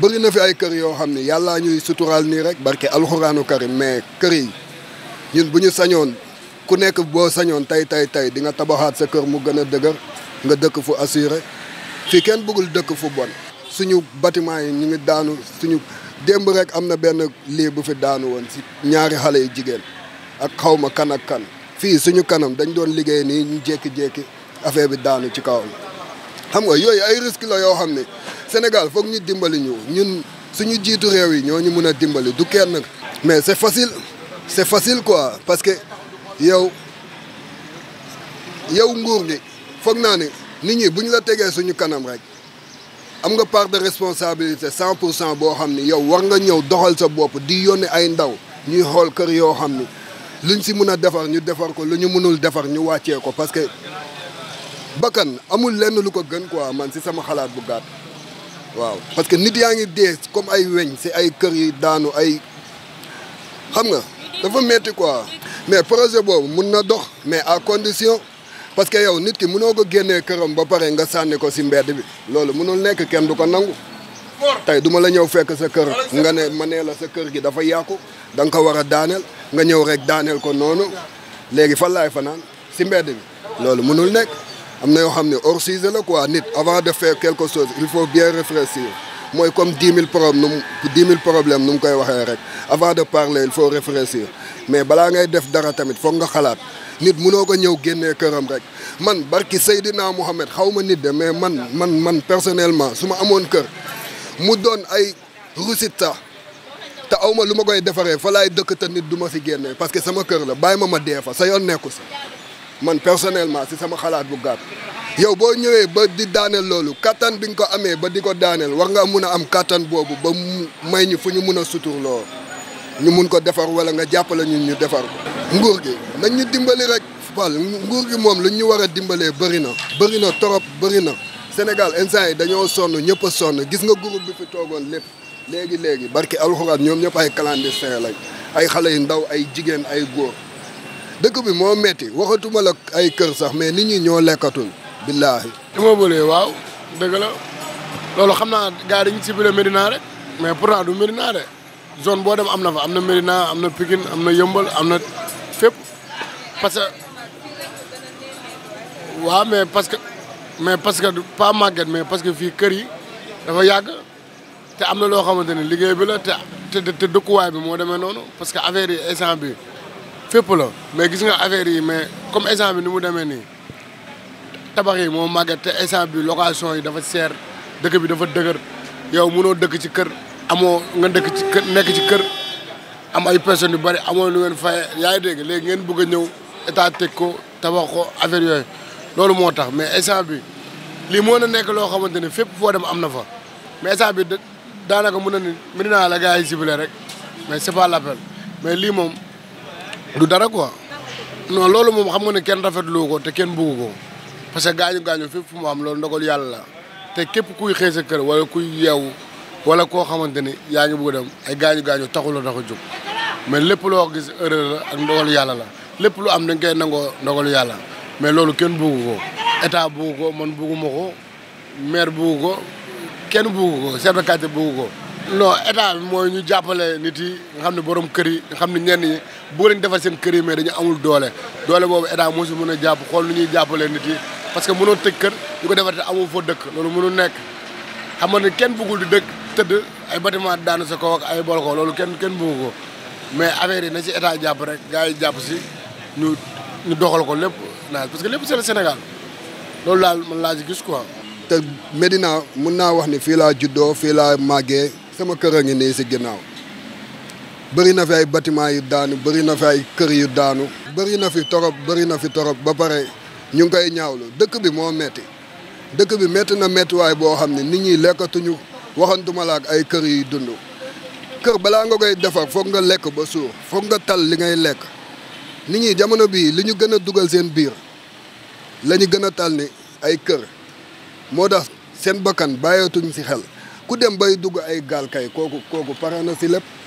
bëri na fi ay kër yoo xam ne yàllaa ñuy suturaal nii rek barke alxuraanu karim mais kër yi ñun bu ñu sañoon ku nekk boo sañoon tey tey tey di nga tabaxaat sa kër mu gën a dëgër nga dëkk fu assuré fii kenn bëggul dëkk fu bon suñu bâtiment yi ñu ngi daanu suñu démb rek am na benn lii bu fi daanu woon si ñaari xale yi jigéen ak xawma kan ak kan fii suñu kanam dañ doon liggéey nii ñu jékki-jékki affaire bi daanu ci kawam xam nga yooyu ay risque la yoo xam ne Sénégal foog ñu dimbali ñu ñun suñu jiitu réew yi ñoo ñu mun a dimbali du kenn. mais c'est facile c'est facile quoi parce que yow yow nguur gi foog naa ni nit ñi bu ñu la tegee suñu kanam rek am nga part de responsabilité cent pour cent boo xam ni yow war nga ñëw doxal sa bopp di yónni ay ndaw ñuy xool kër yoo xam ni. luñ si mun a defar ñu defar ko lu ñu mënul defar ñu wàccee ko parce que bakkan amul lenn lu ko gën quoi man si sama xalaat bu gàtt waaw parce que nit yaa ngi dee comme ay weñ si ay kër yi daanu ay xam nga dafa metti quoi mais projet boobu mun na dox mais à condition parce que yow nit ki mënoo ko génnee këram ba pare nga sànni ko si mbedd bi loolu mënul nekk kenn du ko nangu tey duma la ñëw fekk sa kër nga ne ma nee la sa kër gi dafa yàqu da nga ko war a daaneel nga ñëw rek daaneel ko noonu léegi fan laay fanaan si mbedd bi loolu mënul nekk am na yoo xam ne hors sujet la quoi nit avant de faire quelque chose il faut bien réfléchir mooy comme dix mille problème nu mu dix mille problème nu mu koy waxee rek avant de parler il faut réfléchir mais balaa ngay def dara tamit foog nga xalaat nit munoo ko ñëw génnee këram rek man barki Seydina Mohamed xaw ma nit de mais man man man personnellement su ma amoon kër mu doon ay rusit sax te aw ma lu ma koy defaree fa laay dëkk ta nit du ma si génnee parce que sama kër la bàyyi ma ma dee fa sa yoon nekku si man personnellement si sama xalaat bu gàtt. yow boo ñëwee ba di daaneel loolu kattan bi nga ko amee ba di ko daaneel war nga mun a am kattan boobu ba may ñu fu ñu mun a suturloo ñu mun ko defar wala nga jàppale ñun ñu defar ko. nguur gi nañ ñu dimbali rek fa nguur gi moom lu ñu war a dimbalee bari na bëri na trop bëri na Sénégal instant yi dañoo sonn ñëpp a sonn gis nga groupe bi fi toogoon lépp. léegi léegi barki alxuraan ñoom ñëpp ay clandestin lañ ay xale yu ndaw ay jigéen ay góor dëkk bi moo metti waxatumala ay kër sax mais nit ñi ñoo lekkatul billaahi dama bëlee waaw dëgg la loolu xam naa gars dañu ciblé Médina rek mais pourtant du Médina de zone boo dem am na fa am na Médina am na Pikine am na Yëmbal am na fépp parce que waaw mais parce que mais parce que pas màgget mais parce que fii kër yi dafa yàgg te am na loo xamante ni liggéey bi la te te dëkkuwaay bi moo demee noonu parce que affaire yi instant bi fépp la mais gis nga affaire yi mais comme instant bi ni mu demee nii tabax yi moo màgget te instant bi location yi dafa seer dëkk bi dafa dëgër yow noo dëkk ci kër amoo nga dëkk ci kër nekk ci kër am ay personnes yu bari amoo lu ngeen faye yaa ngi dégg léegi ngeen bëgg a ñëw état teg ko tabax ko affaire yooyu loolu moo tax mais instant bi lii moo na nekk loo xamante ni fépp foo dem am na fa daanaka mun na ni mën naa la gars yi ciblé rek mais c'est pas l'appel mais lii moom du dara quoi non loolu moom xam nga ne kenn rafetlu ko te kenn bugg ko parce que gaañu gaañu fépp fu mu am loolu ndogal yàlla la te képp kuy xëy sa wala kuy yeewu wala koo xamante ni yaa ngi bugg dem ay gaañu gaañu taxul la tax mais lépp loo gis ak ndogal yàlla la lépp lu am dañ koy nangoo ndogal yàlla mais loolu kenn bugg ko état bugg ko man bugguma ko maire bugg ko. kenn bëggu ko chef de quartier bëggu ko. mooy ñu jàppale nit yi nga xam ne borom kër yi nga xam ne ñenn ñi bëgg nañ defar seen kër yi mais dañu amul doole doole boobu état moo si mën a jàpp xool nu ñuy jàppalee nit yi parce que mënoo tëj kër ñu ko defar te amul fa dëkk loolu mënul nekk xam nga kenn bëggul di dëkk tëdd ay bâtiment daanu sa kaw ak bool bolko loolu kenn kenn bëggu ko mais affaire yi na si état jàpp rek gars yi jàpp si ñu ñu doxal ko lépp naaj parce que lépp c'est le Sénégal loolu daal man laa si gis quoi te Médina mun naa wax ni fii laa juddoo fii laa màggee sama kër a ngi nii si ginnaaw bëri na fi ay batiment yu daanu bëri na fi ay kër yu daanu. bëri na fi torop bëri na fi torop ba pare ñu ngi koy ñaawlu dëkk bi moo metti dëkk bi metti na méttiwaay boo xam ne nit ñi lekkatuñu waxantuma la ak ay kër yuy dund. kër balaa nga koy defar foog nga lekk ba suur foog nga tal li ngay lekk nit ñi jamono bii li ñu gën a dugal seen biir la ñu gën a tal ni ay kër. moo tax seen bakkan bàyyeetuñ si xel ku dem bay dugg ay gaal kay kooku kooku pare na si lépp.